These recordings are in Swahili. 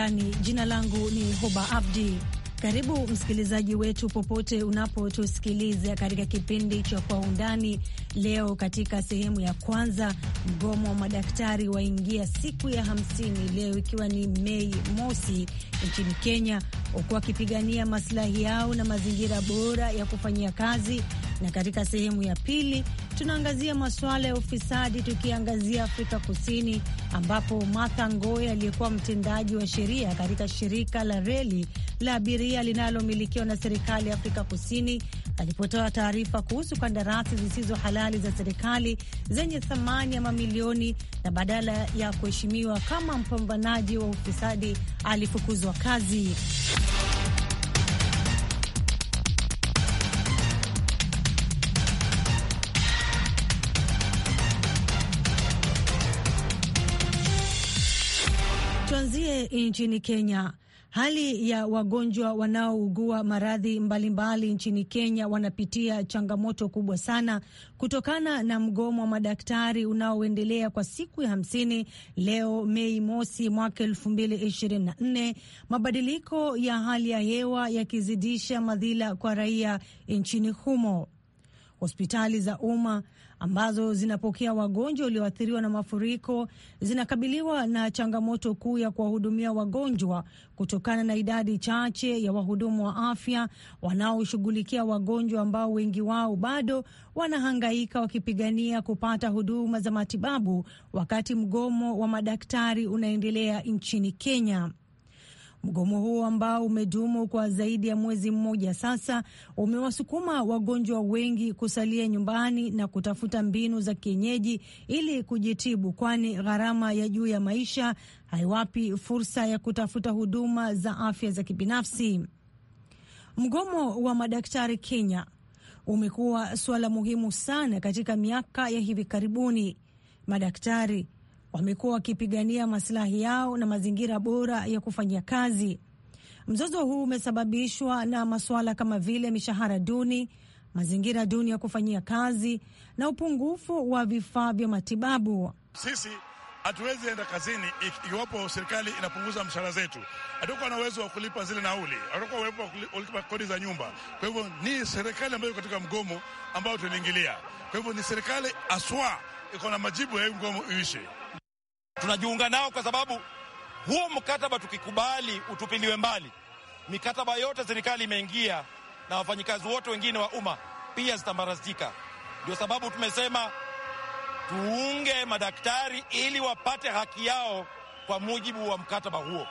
Undani. Jina langu ni Hoba Abdi. Karibu msikilizaji wetu popote unapotusikiliza katika kipindi cha Kwa Undani. Leo katika sehemu ya kwanza, mgomo wa madaktari waingia siku ya hamsini leo ikiwa ni Mei mosi nchini Kenya, huku wakipigania masilahi yao na mazingira bora ya kufanyia kazi, na katika sehemu ya pili tunaangazia masuala ya ufisadi, tukiangazia Afrika Kusini ambapo Martha Ngoe aliyekuwa mtendaji wa sheria katika shirika la reli la abiria linalomilikiwa na serikali ya Afrika Kusini alipotoa taarifa kuhusu kandarasi zisizo halali za serikali zenye thamani ya mamilioni, na badala ya kuheshimiwa kama mpambanaji wa ufisadi alifukuzwa kazi. kule nchini Kenya, hali ya wagonjwa wanaougua maradhi mbalimbali nchini Kenya wanapitia changamoto kubwa sana kutokana na mgomo wa madaktari unaoendelea kwa siku ya hamsini leo Mei mosi mwaka elfu mbili ishirini na nne, mabadiliko ya hali ya hewa yakizidisha madhila kwa raia nchini humo. Hospitali za umma ambazo zinapokea wagonjwa walioathiriwa na mafuriko zinakabiliwa na changamoto kuu ya kuwahudumia wagonjwa kutokana na idadi chache ya wahudumu wa afya wanaoshughulikia wagonjwa ambao wengi wao bado wanahangaika wakipigania kupata huduma za matibabu wakati mgomo wa madaktari unaendelea nchini Kenya. Mgomo huo ambao umedumu kwa zaidi ya mwezi mmoja sasa umewasukuma wagonjwa wengi kusalia nyumbani na kutafuta mbinu za kienyeji ili kujitibu, kwani gharama ya juu ya maisha haiwapi fursa ya kutafuta huduma za afya za kibinafsi. Mgomo wa madaktari Kenya umekuwa suala muhimu sana katika miaka ya hivi karibuni. Madaktari wamekuwa wakipigania masilahi yao na mazingira bora ya kufanyia kazi. Mzozo huu umesababishwa na masuala kama vile mishahara duni, mazingira duni ya kufanyia kazi na upungufu wa vifaa vya matibabu. Sisi hatuwezi enda kazini ikiwapo serikali inapunguza mshahara zetu, Hatuko na uwezo wa kulipa zile nauli, hatuko uwepo wa kulipa kodi za nyumba. Kwa hivyo ni serikali ambayo katika mgomo ambao tuliingilia. Kwa hivyo ni serikali aswa iko na majibu ya hii mgomo iishe. Tunajiunga nao kwa sababu huo mkataba tukikubali utupiliwe mbali, mikataba yote serikali imeingia na wafanyikazi wote wengine wa umma pia zitambarazika. Ndio sababu tumesema tuunge madaktari ili wapate haki yao kwa mujibu wa mkataba huo.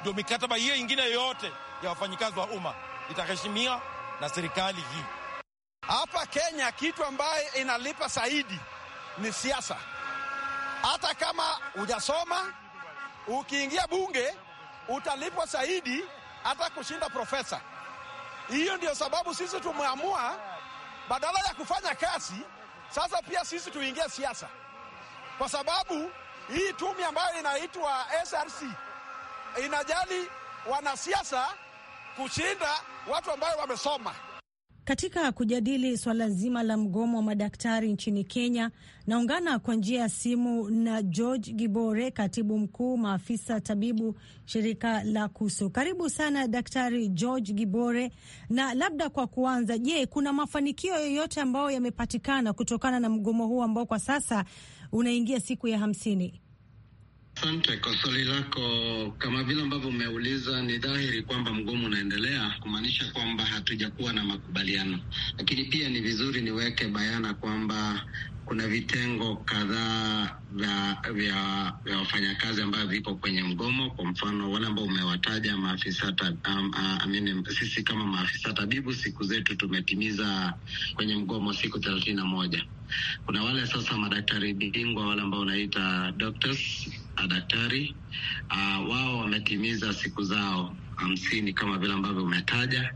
Ndio mikataba hiyo ingine yote ya wafanyikazi wa umma itaheshimiwa na serikali hii. Hapa Kenya kitu ambaye inalipa zaidi ni siasa hata kama hujasoma, ukiingia bunge utalipwa zaidi hata kushinda profesa. Hiyo ndio sababu sisi tumeamua badala ya kufanya kazi sasa, pia sisi tuingie siasa, kwa sababu hii tume ambayo inaitwa SRC inajali wanasiasa kushinda watu ambayo wamesoma. Katika kujadili swala zima la mgomo wa madaktari nchini Kenya, naungana kwa njia ya simu na George Gibore, katibu mkuu maafisa tabibu shirika la KUSU. Karibu sana Daktari George Gibore, na labda kwa kuanza, je, kuna mafanikio yoyote ambayo yamepatikana kutokana na mgomo huu ambao kwa sasa unaingia siku ya hamsini? Asante kwa swali lako. Kama vile ambavyo umeuliza, ni dhahiri kwamba mgomo unaendelea, kumaanisha kwamba hatujakuwa na makubaliano, lakini pia ni vizuri niweke bayana kwamba kuna vitengo kadhaa vya vya wafanyakazi ambayo vipo kwenye mgomo. Kwa mfano wale ambao umewataja maafisa um, uh, sisi kama maafisa tabibu siku zetu tumetimiza kwenye mgomo siku thelathini na moja. Kuna wale sasa madaktari bingwa wale ambao unaita doctors madaktari uh, ah, wao wametimiza siku zao hamsini kama vile ambavyo umetaja,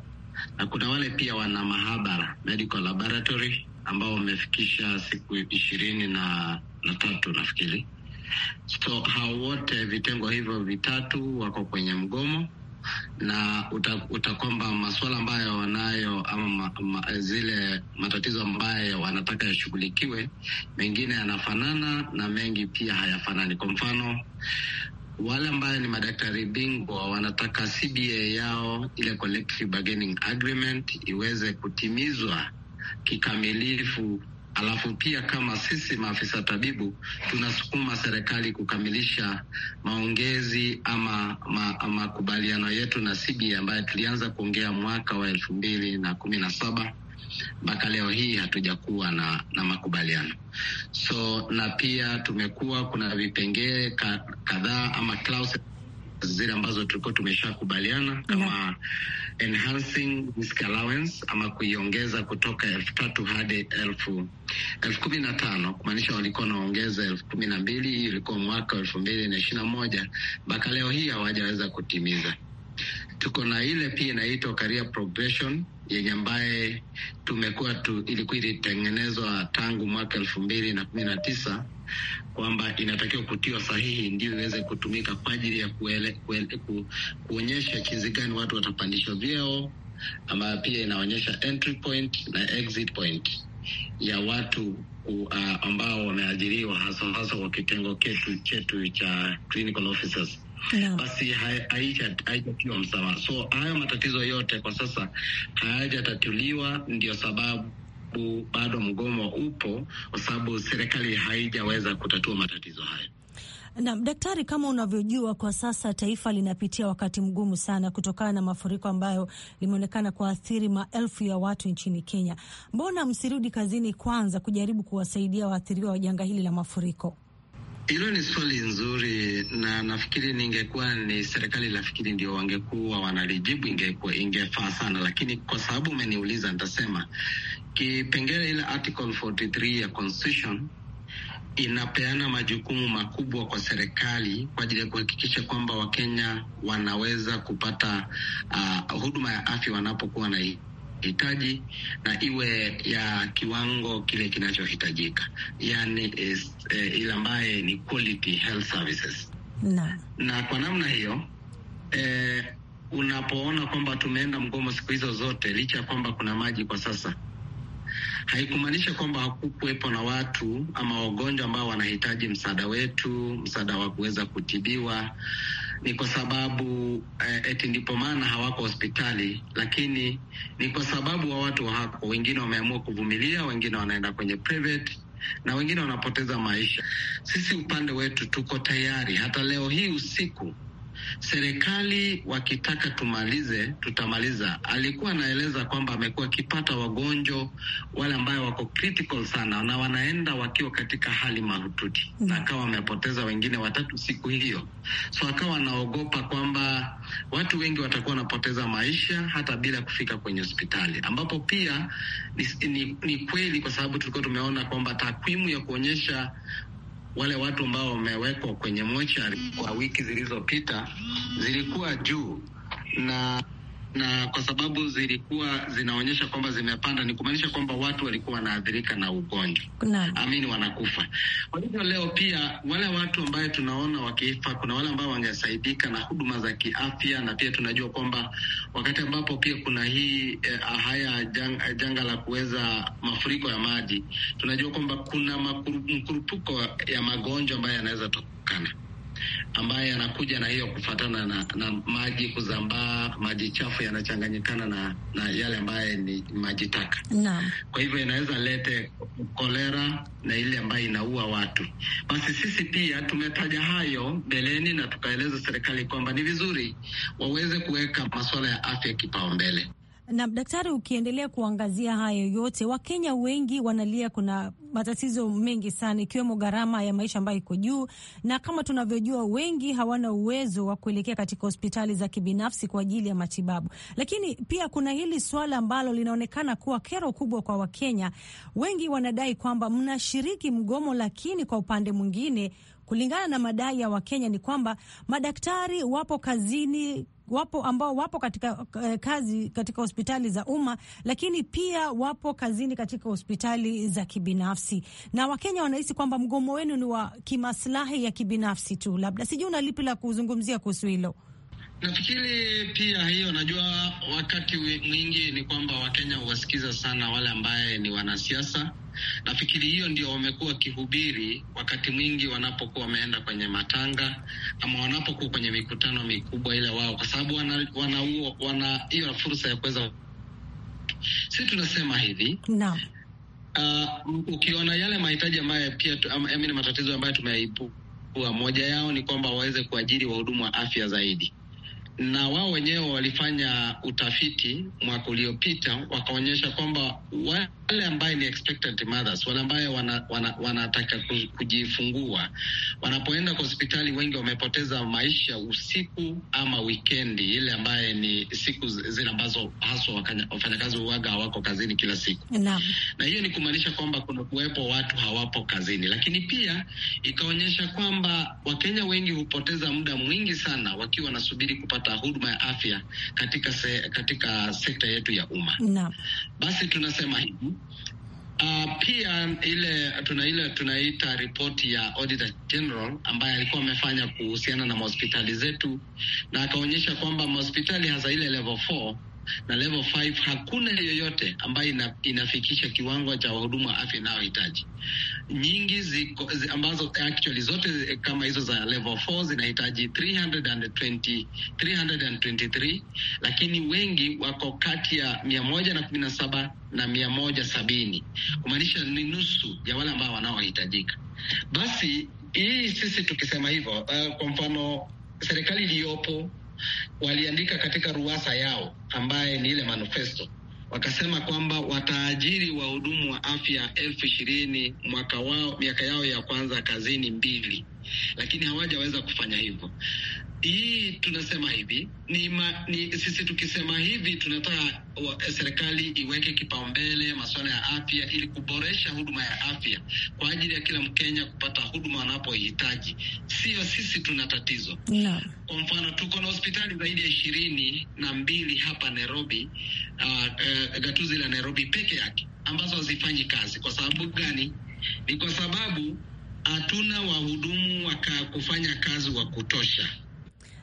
na kuna wale pia wana mahabara medical laboratory ambao wamefikisha siku ishirini na, na tatu nafikiri. So hao wote vitengo hivyo vitatu wako kwenye mgomo na uta kwamba masuala ambayo wanayo ama ma, ma, zile matatizo ambayo wanataka yashughulikiwe, mengine yanafanana na mengi pia hayafanani. Kwa mfano wale ambayo ni madaktari bingwa wanataka CBA yao ile collective bargaining agreement iweze kutimizwa kikamilifu Alafu pia kama sisi maafisa tabibu tunasukuma serikali kukamilisha maongezi ama makubaliano ma yetu na CBA ambayo tulianza kuongea mwaka wa elfu mbili na kumi na saba mpaka leo hii hatujakuwa na, na makubaliano so, na pia tumekuwa kuna vipengee kadhaa ama clauses zile ambazo tulikuwa tumeshakubaliana kama enhancing risk allowance ama kuiongeza kutoka elfu tatu hadi elfu kumi na tano kumaanisha walikuwa wanaongeza elfu kumi na mbili Hii ilikuwa mwaka wa elfu mbili na ishirini na moja mpaka leo hii hawajaweza kutimiza. Tuko na ile pia inaitwa career progression yenye ambaye tumekuwa tu, ilikuwa ilitengenezwa tangu mwaka elfu mbili na kumi na tisa kwamba inatakiwa kutiwa sahihi ndio iweze kutumika kwa ajili ya kuele, kuele, ku, kuonyesha jinsi gani watu watapandishwa vyeo, ambayo pia inaonyesha entry point na exit point ya watu uh, ambao wameajiriwa hasa hasa kwa kitengo ketu chetu cha clinical officers. No. Basi haijatiwa msamaha, so haya matatizo yote kwa sasa hayajatatuliwa, ndio sababu sababu bado mgomo upo, kwa sababu serikali haijaweza kutatua matatizo hayo. Naam, daktari, kama unavyojua kwa sasa taifa linapitia wakati mgumu sana kutokana na mafuriko ambayo limeonekana kuathiri maelfu ya watu nchini Kenya. Mbona msirudi kazini kwanza kujaribu kuwasaidia waathiriwa wa janga hili la mafuriko? Hilo ni swali nzuri, na nafikiri ningekuwa ni serikali, nafikiri ndio wangekuwa wanalijibu, ingekuwa ingefaa sana, lakini kwa sababu umeniuliza, nitasema kipengele ile article 43 ya constitution inapeana majukumu makubwa kwa serikali kwa ajili ya kuhakikisha kwamba Wakenya wanaweza kupata uh, huduma ya afya wanapokuwa na hitaji na iwe ya kiwango kile kinachohitajika, yani eh, ile ambaye ni quality health services na, na kwa namna hiyo eh, unapoona kwamba tumeenda mgomo siku hizo zote licha ya kwamba kuna maji kwa sasa haikumaanisha kwamba hakukuwepo na watu ama wagonjwa ambao wanahitaji msaada wetu, msaada wa kuweza kutibiwa ni kwa sababu eh, eti ndipo maana hawako hospitali, lakini ni kwa sababu wa watu wako wengine wameamua kuvumilia, wengine wanaenda kwenye private na wengine wanapoteza maisha. Sisi upande wetu tuko tayari, hata leo hii usiku serikali wakitaka tumalize, tutamaliza. Alikuwa anaeleza kwamba amekuwa akipata wagonjwa wale ambayo wako critical sana, na wanaenda wakiwa katika hali mahututi mm. na akawa amepoteza wengine watatu siku hiyo, so akawa anaogopa kwamba watu wengi watakuwa wanapoteza maisha hata bila kufika kwenye hospitali, ambapo pia ni, ni, ni kweli kwa sababu tulikuwa tumeona kwamba takwimu ya kuonyesha wale watu ambao wamewekwa kwenye mochari kwa wiki zilizopita zilikuwa juu na na kwa sababu zilikuwa zinaonyesha kwamba zimepanda, ni kumaanisha kwamba watu walikuwa wanaathirika na ugonjwa amini, wanakufa. Kwa hivyo leo pia wale watu ambaye tunaona wakifa, kuna wale ambao wangesaidika na huduma za kiafya, na pia tunajua kwamba wakati ambapo pia kuna hii eh, haya jang, janga la kuweza mafuriko ya maji, tunajua kwamba kuna mkurupuko ya magonjwa ambayo yanaweza tokana ambayo yanakuja na hiyo kufatana na, na maji kuzambaa, maji chafu yanachanganyikana na, na yale ambayo ni maji taka. Kwa hivyo inaweza lete kolera na ile ambayo inaua watu. Basi sisi pia tumetaja hayo mbeleni na tukaeleza serikali kwamba ni vizuri waweze kuweka masuala ya afya kipaumbele na daktari, ukiendelea kuangazia hayo yote, Wakenya wengi wanalia, kuna matatizo mengi sana, ikiwemo gharama ya maisha ambayo iko juu, na kama tunavyojua, wengi hawana uwezo wa kuelekea katika hospitali za kibinafsi kwa ajili ya matibabu. Lakini pia kuna hili swala ambalo linaonekana kuwa kero kubwa kwa Wakenya wengi, wanadai kwamba mnashiriki mgomo, lakini kwa upande mwingine kulingana na madai ya Wakenya ni kwamba madaktari wapo kazini wapo ambao wapo katika eh, kazi katika hospitali za umma, lakini pia wapo kazini katika hospitali za kibinafsi, na Wakenya wanahisi kwamba mgomo wenu ni wa kimaslahi ya kibinafsi tu. Labda sijui una lipi la kuzungumzia kuhusu hilo? Nafikiri pia hiyo, najua wakati mwingi ni kwamba Wakenya huwasikiza sana wale ambaye ni wanasiasa. Nafikiri hiyo ndio wamekuwa wakihubiri wakati mwingi wanapokuwa wameenda kwenye matanga ama wanapokuwa kwenye mikutano mikubwa ile wao, kwa sababu wana, wana, wana fursa ya kuweza. Si tunasema hivi no. Uh, ah, ukiona yale mahitaji ambayo pia ni matatizo ambayo tumeyaibua, moja yao ni kwamba waweze kuajiri wahudumu wa afya zaidi na wao wenyewe walifanya utafiti mwaka uliopita, wakaonyesha kwamba wale ambaye ni expectant mothers, wale ambaye wanataka wana, wana kujifungua, wanapoenda kwa hospitali, wengi wamepoteza maisha usiku ama wikendi, ile ambaye ni siku zile ambazo haswa wafanyakazi uwaga hawako kazini kila siku na, na hiyo ni kumaanisha kwamba kuna kuwepo watu hawapo kazini, lakini pia ikaonyesha kwamba Wakenya wengi hupoteza muda mwingi sana wakiwa wanasubiri kupata kupata huduma ya afya katika, se, katika sekta yetu ya umma Basi tunasema hivi Uh, pia ile tuna ile tunaita ripoti ya Auditor General ambaye alikuwa amefanya kuhusiana na mahospitali zetu, na akaonyesha kwamba mahospitali hasa ile level 4 na level 5 hakuna yoyote ambayo ina, inafikisha kiwango cha wahudumu wa afya inayohitaji. Nyingi ziko, zi, ambazo actually zote eh, kama hizo za level 4 zinahitaji 320, 323 lakini wengi wako kati ya mia moja na 170 na mia moja sabini kumaanisha ni nusu ya wale ambao wanaohitajika. Basi hii sisi tukisema hivyo, uh, kwa mfano serikali iliyopo waliandika katika ruasa yao ambaye ni ile manifesto wakasema kwamba wataajiri wahudumu wa afya elfu ishirini mwaka wao miaka yao ya kwanza kazini mbili lakini hawajaweza kufanya hivyo. Hii tunasema hivi ni, ma, ni sisi tukisema hivi tunataka serikali iweke kipaumbele masuala ya afya ili kuboresha huduma ya afya kwa ajili ya kila Mkenya kupata huduma wanapohitaji, sio sisi tuna tatizo no. Kwa mfano tuko na hospitali zaidi ya ishirini na mbili hapa Nairobi, uh, uh, gatuzi la Nairobi peke yake ambazo hazifanyi kazi. Kwa sababu gani? Ni kwa sababu hatuna wahudumu wa kufanya kazi wa kutosha.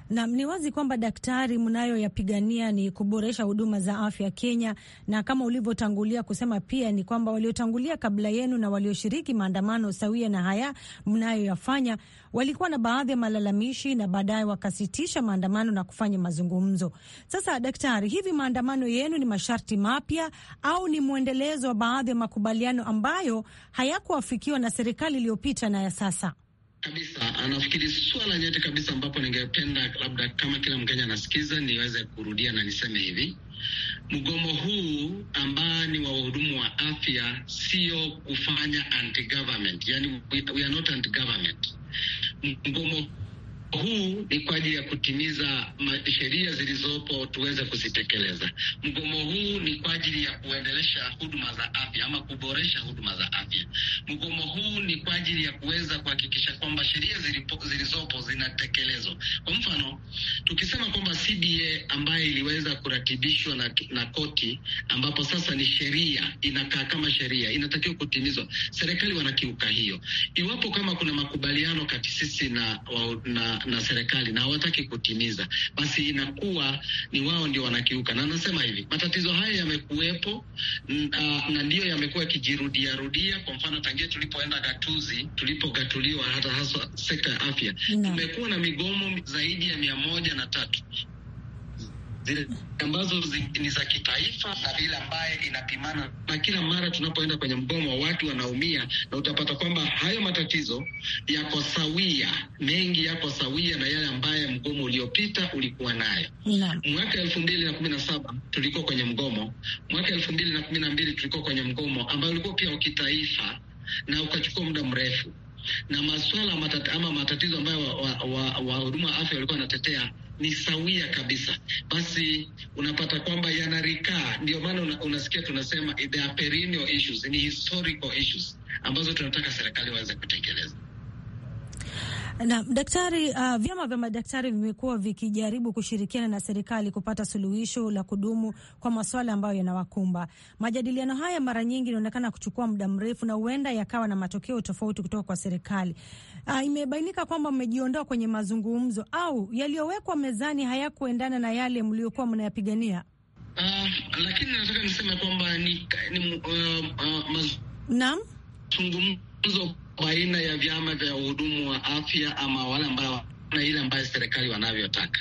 Nam, ni wazi kwamba daktari, mnayoyapigania ni kuboresha huduma za afya Kenya, na kama ulivyotangulia kusema pia ni kwamba waliotangulia kabla yenu na walioshiriki maandamano sawia na haya mnayoyafanya walikuwa na baadhi ya malalamishi na baadaye wakasitisha maandamano na kufanya mazungumzo. Sasa daktari, hivi maandamano yenu ni masharti mapya au ni mwendelezo wa baadhi ya makubaliano ambayo hayakuafikiwa na serikali iliyopita na ya sasa? kabisa anafikiri swala nyeti kabisa, ambapo ningependa labda kama kila Mkenya anasikiza niweze kurudia na niseme hivi, mgomo huu ambao ni wa wahudumu wa afya sio kufanya anti government, yani we are not anti government. Mgomo huu ni kwa ajili ya kutimiza sheria zilizopo tuweze kuzitekeleza. Mgomo huu ni kwa ajili ya kuendelesha huduma za afya ama kuboresha huduma za afya. Mgomo huu ni kwa ajili ya kuweza kuhakikisha kwamba sheria zilizopo zinatekelezwa. Kwa mfano, tukisema kwamba CBA ambayo iliweza kuratibishwa na, na koti ambapo sasa ni sheria inakaa kama sheria inatakiwa kutimizwa, serikali wanakiuka hiyo. Iwapo kama kuna makubaliano kati sisi na, na na, serikali na hawataki kutimiza, basi inakuwa ni wao ndio wanakiuka. Na nasema hivi matatizo haya yamekuwepo na ndiyo yamekuwa yakijirudia rudia. Kwa mfano tangia tulipoenda gatuzi, tulipogatuliwa hata haswa sekta ya afya, tumekuwa na migomo zaidi ya mia moja na tatu zile ambazo ni za kitaifa na ile ambaye inapimana, na kila mara tunapoenda kwenye mgomo watu wanaumia, na utapata kwamba hayo matatizo yako sawia, mengi yako sawia na yale ambaye mgomo uliopita ulikuwa nayo. Mwaka elfu mbili na kumi na saba tulikuwa kwenye mgomo, mwaka elfu mbili na kumi na mbili tulikuwa kwenye mgomo ambayo ulikuwa pia wakitaifa na ukachukua muda mrefu, na maswala ama matatizo ambayo wahuduma wa, wa, wa huduma afya walikuwa wanatetea ni sawia kabisa, basi unapata kwamba yanarikaa. Ndio maana una, unasikia tunasema the perennial issues, ni historical issues ambazo tunataka serikali waweze kutekeleza. Na daktari uh, vyama vya madaktari vimekuwa vikijaribu kushirikiana na serikali kupata suluhisho la kudumu kwa masuala ambayo yanawakumba. Majadiliano haya mara nyingi inaonekana kuchukua muda mrefu na huenda yakawa na matokeo tofauti kutoka kwa serikali. Uh, imebainika kwamba mmejiondoa kwenye mazungumzo au yaliyowekwa mezani hayakuendana na yale mliokuwa mnayapigania. Uh, lakini nataka niseme kwamba ni, ni uh, uh, mazungumzo kwa aina ya vyama vya uhudumu wa afya ama wale ambao na ile ambayo serikali wanavyotaka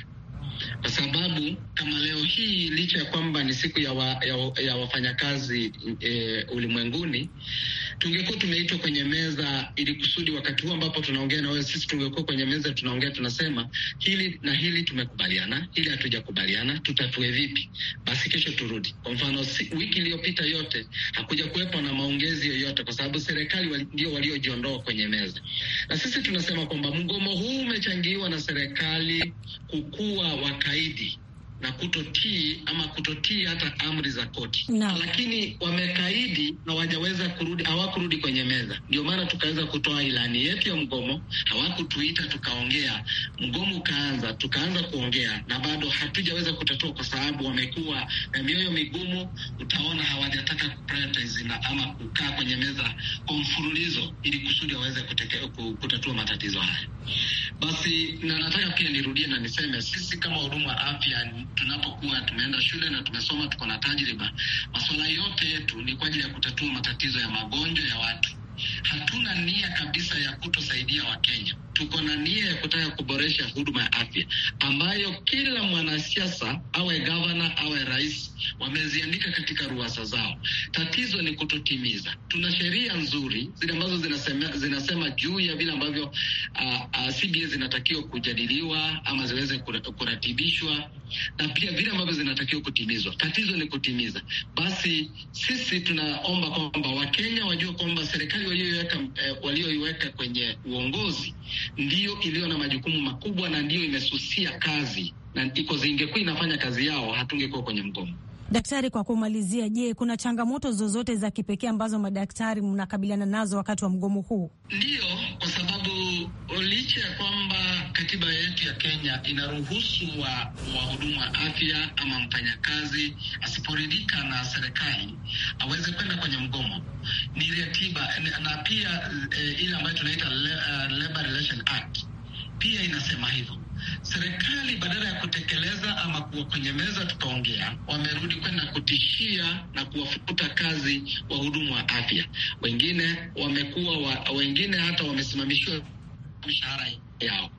kwa sababu kama leo hii licha ya kwamba ni siku ya, wa, ya, ya wafanyakazi e, ulimwenguni tungekuwa tumeitwa kwenye meza ili kusudi wakati huu ambapo tunaongea na wewe, sisi tungekuwa kwenye meza tunaongea, tunasema hili na hili tumekubaliana, hili hatujakubaliana, tutatue vipi? Basi kesho turudi. Kwa mfano, wiki iliyopita yote hakuja kuwepo na maongezi yoyote, kwa sababu serikali ndio waliojiondoa kwenye meza, na sisi tunasema kwamba mgomo huu umechangiwa na serikali kukua wakaidi na kutotii ama kutotii hata amri za koti no. Lakini wamekaidi na wajaweza kurudi, hawakurudi kwenye meza. Ndio maana tukaweza kutoa ilani yetu ya mgomo, hawakutuita tukaongea, mgomo ukaanza, tukaanza kuongea na bado hatujaweza kutatua, kwa sababu wamekuwa na mioyo migumu. Utaona hawajataka na ama kukaa kwenye meza kwa mfululizo, ili kusudi waweze kutatua matatizo haya. Basi na nataka pia nirudie na niseme sisi kama huduma afya tunapokuwa tumeenda shule na tumesoma, tuko na tajriba, masuala yote yetu ni kwa ajili ya kutatua matatizo ya magonjwa ya watu. Hatuna nia kabisa ya kutosaidia Wakenya tuko na nia ya kutaka kuboresha huduma ya afya ambayo kila mwanasiasa awe gavana awe rais wameziandika katika ruasa zao. Tatizo ni kutotimiza. Tuna sheria nzuri zile ambazo zinasema, zinasema juu ya vile ambavyo uh, uh, CBA zinatakiwa kujadiliwa ama ziweze kuratibishwa na pia vile ambavyo zinatakiwa kutimizwa. Tatizo ni kutimiza. Basi sisi tunaomba kwamba Wakenya wajue kwamba serikali walioiweka eh, walioiweka kwenye uongozi ndiyo iliyo na majukumu makubwa na ndiyo imesusia kazi na iko zingekuwa inafanya kazi yao hatungekuwa kwenye mgomo. Daktari, kwa kumalizia, je, kuna changamoto zozote za kipekee ambazo madaktari mnakabiliana nazo wakati wa mgomo huu? Ndiyo, kwa sababu licha ya kwamba katiba yetu ya Kenya inaruhusu wa wahudumu wa afya ama mfanyakazi asiporidhika na serikali aweze kwenda kwenye mgomo, ni ratiba na pia e, ile ambayo tunaita eh, Labor Relations Act pia inasema hivyo serikali badala ya kutekeleza ama kuwa kwenye meza tukaongea, wamerudi kwenda kutishia na kuwafuta kazi wahudumu wa afya. Wengine wamekuwa wa, wengine hata wamesimamishiwa mishahara yao.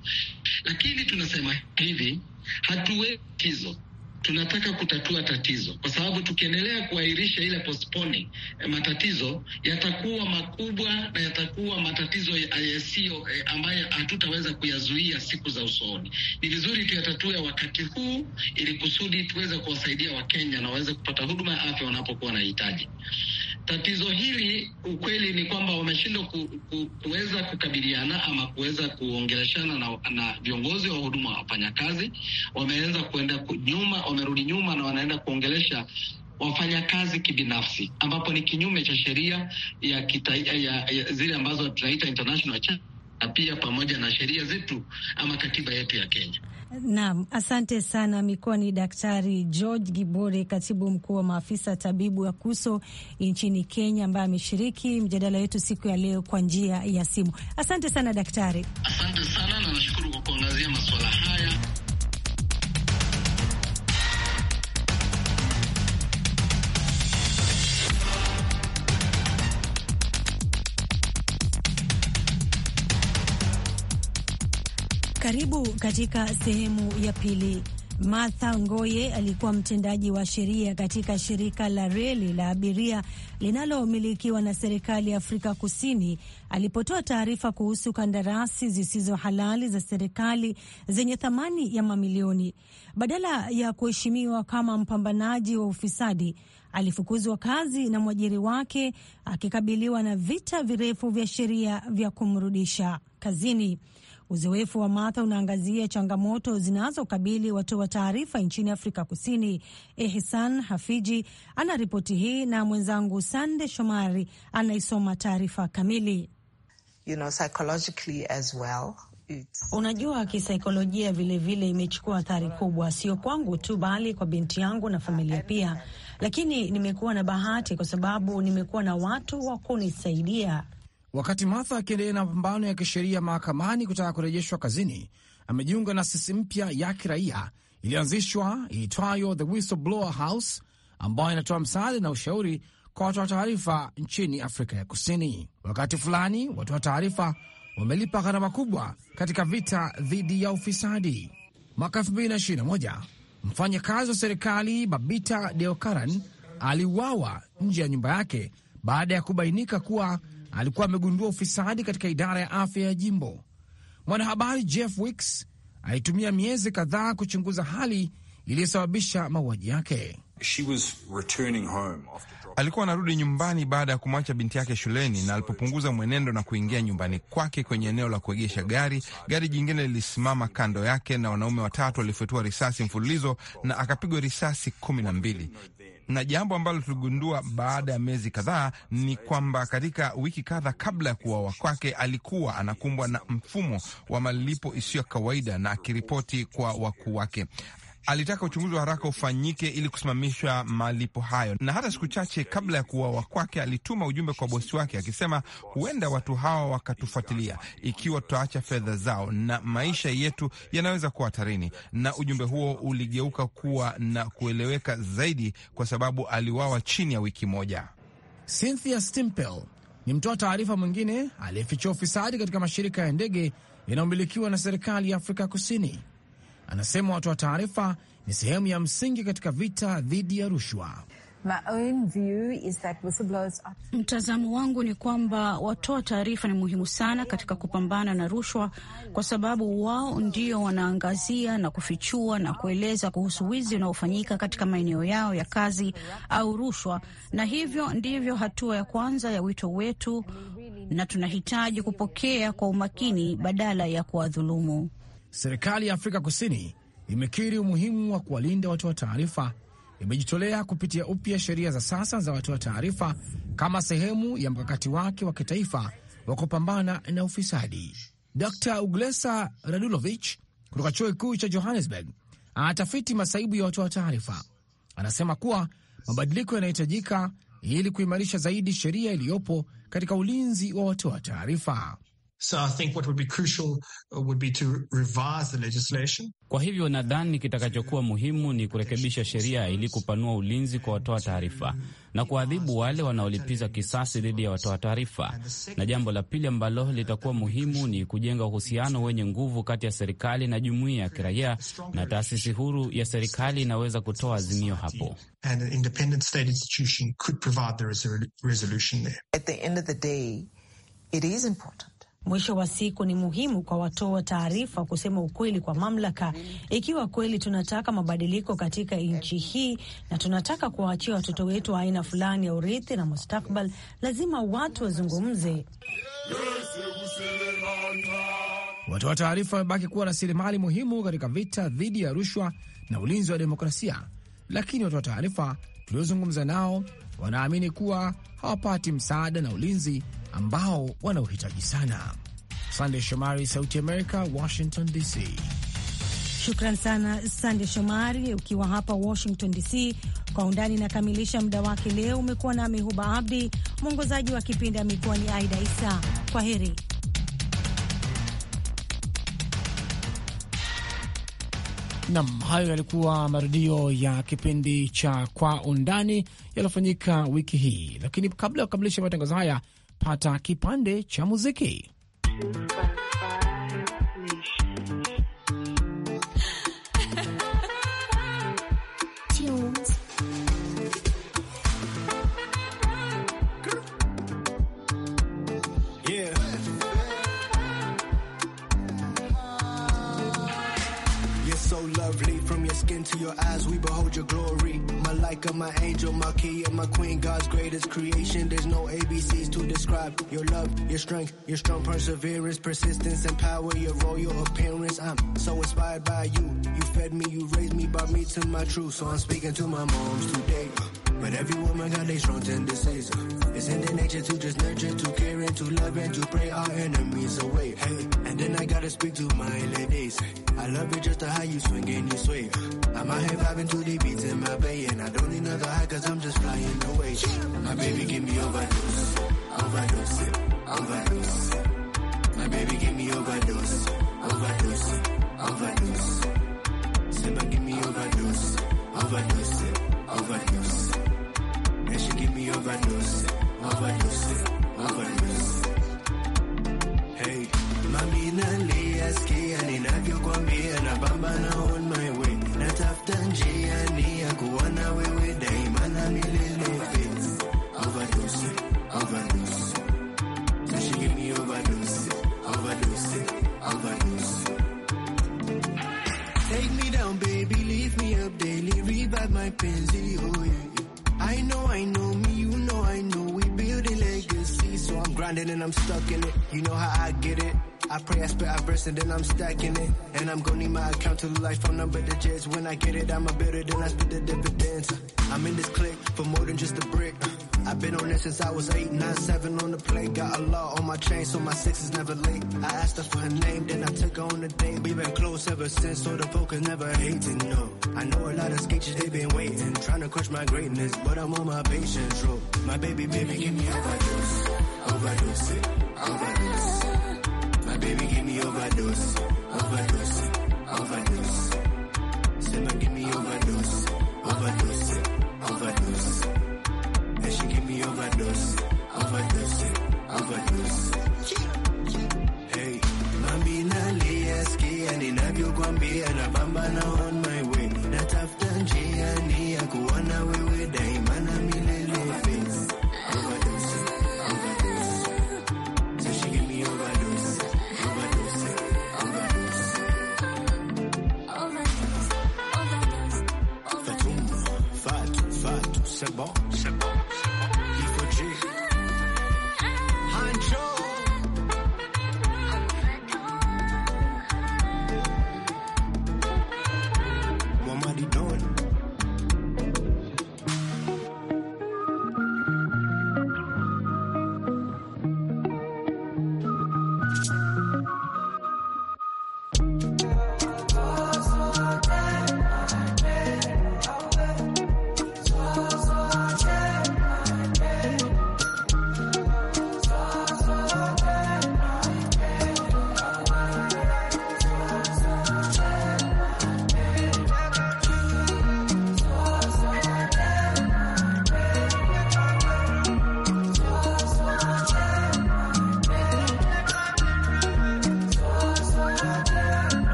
Lakini tunasema hivi, hatuwezi hizo tunataka kutatua tatizo, kwa sababu tukiendelea kuahirisha ile postponing, eh, matatizo yatakuwa makubwa na yatakuwa matatizo yasiyo eh, ambayo hatutaweza kuyazuia siku za usoni. Ni vizuri tuyatatue wakati huu, ili kusudi tuweze kuwasaidia Wakenya na waweze kupata huduma ya afya wanapokuwa wanahitaji. Tatizo hili ukweli ni kwamba wameshindwa ku, ku, kuweza kukabiliana ama kuweza kuongeleshana na, na viongozi wa huduma wa wafanyakazi. Wameweza kuenda nyuma, wamerudi nyuma na wanaenda kuongelesha wafanyakazi kibinafsi, ambapo ni kinyume cha sheria ya, ya, ya zile ambazo tunaita international na pia pamoja na sheria zetu ama katiba yetu ya Kenya. Naam, asante sana. Mikuwa ni Daktari George Gibore, katibu mkuu wa maafisa tabibu ya KUSO nchini Kenya, ambaye ameshiriki mjadala wetu siku ya leo kwa njia ya simu. Asante sana daktari. Asante sana na nashukuru kwa kuangazia masuala haya. Karibu katika sehemu ya pili. Martha Ngoye alikuwa mtendaji wa sheria katika shirika la reli la abiria linalomilikiwa na serikali ya Afrika Kusini alipotoa taarifa kuhusu kandarasi zisizo halali za serikali zenye thamani ya mamilioni. Badala ya kuheshimiwa kama mpambanaji wa ufisadi, alifukuzwa kazi na mwajiri wake, akikabiliwa na vita virefu vya sheria vya kumrudisha kazini. Uzoefu wa Martha unaangazia changamoto zinazokabili watoa taarifa nchini Afrika Kusini. Ehsan Hafiji ana ripoti hii na mwenzangu Sande Shomari anaisoma taarifa kamili. You know, psychologically as well. Unajua, kisaikolojia vilevile imechukua athari kubwa, sio kwangu tu, bali kwa binti yangu na familia pia. Lakini nimekuwa na bahati kwa sababu nimekuwa na watu wa kunisaidia Wakati Martha akiendelea na mapambano ya kisheria mahakamani kutaka kurejeshwa kazini, amejiunga na sisi mpya ya kiraia iliyoanzishwa iitwayo The Whistleblower House ambayo inatoa msaada na ushauri kwa watoa taarifa nchini Afrika ya Kusini. Wakati fulani watoa taarifa wamelipa gharama kubwa katika vita dhidi ya ufisadi. Mwaka 2021 mfanyakazi wa serikali Babita Deokaran aliuawa nje ya nyumba yake baada ya kubainika kuwa alikuwa amegundua ufisadi katika idara ya afya ya jimbo. Mwanahabari Jeff Wicks alitumia miezi kadhaa kuchunguza hali iliyosababisha mauaji yake. She was returning home after alikuwa anarudi nyumbani baada ya kumwacha binti yake shuleni, na alipopunguza mwenendo na kuingia nyumbani kwake kwenye eneo la kuegesha gari, gari jingine lilisimama kando yake na wanaume watatu walifyatua risasi mfululizo na akapigwa risasi kumi na mbili na jambo ambalo tuligundua baada ya miezi kadhaa ni kwamba katika wiki kadha kabla ya kuuawa kwake alikuwa anakumbwa na mfumo wa malipo isiyo kawaida na akiripoti kwa wakuu wake alitaka uchunguzi wa haraka ufanyike ili kusimamisha malipo hayo, na hata siku chache kabla ya kuuawa kwake alituma ujumbe kwa bosi wake akisema, huenda watu hawa wakatufuatilia ikiwa tutaacha fedha zao na maisha yetu yanaweza kuwa hatarini. Na ujumbe huo uligeuka kuwa na kueleweka zaidi kwa sababu aliuawa chini ya wiki moja. Cynthia Stimpel ni mtoa taarifa mwingine aliyefichia ufisadi katika mashirika ya ndege yanayomilikiwa na serikali ya Afrika Kusini anasema watoa taarifa ni sehemu ya msingi katika vita dhidi ya rushwa. Mtazamo wangu ni kwamba watoa taarifa ni muhimu sana katika kupambana na rushwa, kwa sababu wao ndio wanaangazia na kufichua na kueleza kuhusu wizi unaofanyika katika maeneo yao ya kazi au rushwa, na hivyo ndivyo hatua ya kwanza ya wito wetu, na tunahitaji kupokea kwa umakini badala ya kuwadhulumu. Serikali ya Afrika Kusini imekiri umuhimu wa kuwalinda wa taarifa, imejitolea kupitia upya sheria za sasa za watoa taarifa kama sehemu ya mkakati wake wa kitaifa wa kupambana na ufisadi. Dr Uglesa Radulovich kutoka chuo kikuu cha Johannesburg anatafiti masaibu ya wa taarifa. Anasema kuwa mabadiliko yanahitajika ili kuimarisha zaidi sheria iliyopo katika ulinzi wa watoa taarifa. Kwa hivyo nadhani kitakachokuwa muhimu ni kurekebisha sheria ili kupanua ulinzi kwa watoa taarifa na kuadhibu wale wanaolipiza kisasi dhidi ya watoa taarifa. Na jambo la pili ambalo litakuwa muhimu ni kujenga uhusiano wenye nguvu kati ya serikali na jumuiya ya kiraia, na taasisi huru ya serikali inaweza kutoa azimio hapo. At the end of the day, it is important. Mwisho wa siku ni muhimu kwa watoa taarifa kusema ukweli kwa mamlaka, ikiwa kweli tunataka mabadiliko katika nchi hii na tunataka kuwaachia watoto wetu wa aina fulani ya urithi na mustakbal, lazima watu wazungumze. Watoa taarifa wamebaki kuwa rasilimali muhimu katika vita dhidi ya rushwa na ulinzi wa demokrasia, lakini watoa taarifa tuliozungumza nao wanaamini kuwa hawapati msaada na ulinzi ambao wanaohitaji sana. Sande Shomari, Sauti Amerika, Washington DC. Shukran sana Sande Shomari ukiwa hapa Washington DC. Kwa Undani inakamilisha muda wake leo. Umekuwa nami Huba Abdi, mwongozaji wa kipindi amekuwa ni Aida Isa. Kwa heri. Nam, hayo yalikuwa marudio ya kipindi cha Kwa Undani yaliyofanyika wiki hii, lakini kabla ya kukamilisha matangazo haya pata kipande cha muziki. Lovely from your skin to your eyes, we behold your glory like of my angel, my key and my queen, God's greatest creation. There's no ABCs to describe your love, your strength, your strong perseverance, persistence and power, your royal appearance. I'm so inspired by you. You fed me, you raised me, brought me to my truth. So I'm speaking to my moms today. But every woman got their strong tendencies. Uh, it's in the nature to just nurture, to care, and to love, and to pray our enemies away. Hey, and then I gotta speak to my ladies. I love it just how you swing and you sway. I'm out here vibing to the beats in my bay, and I don't need another high cause I'm just flying away. My baby give me overdose, overdose, overdose. My baby give me overdose, overdose, overdose. Simba give me overdose, overdose, overdose. she give me overdose, overdose, overdose. Hey, mami nalia, sikia ninavyokwambia na bamba na And and I'm stacking it. And I'm gonna need my account to the life phone number to chase When I get it, I'ma build it and I split the dividends. I'm in this clique for more than just a brick. Uh, I've been on it since I was eight, nine, seven on the plane. Got a lot on my chain, so my six is never late. I asked her for her name, then I took her on a date. We've been close ever since, so the focus never hating, no. I know a lot of skaters, they been waiting, trying to crush my greatness, but I'm on my patience road. My baby, baby, give me overdose, overdose, eh? overdose overdose, overdose, overdose. C'est ma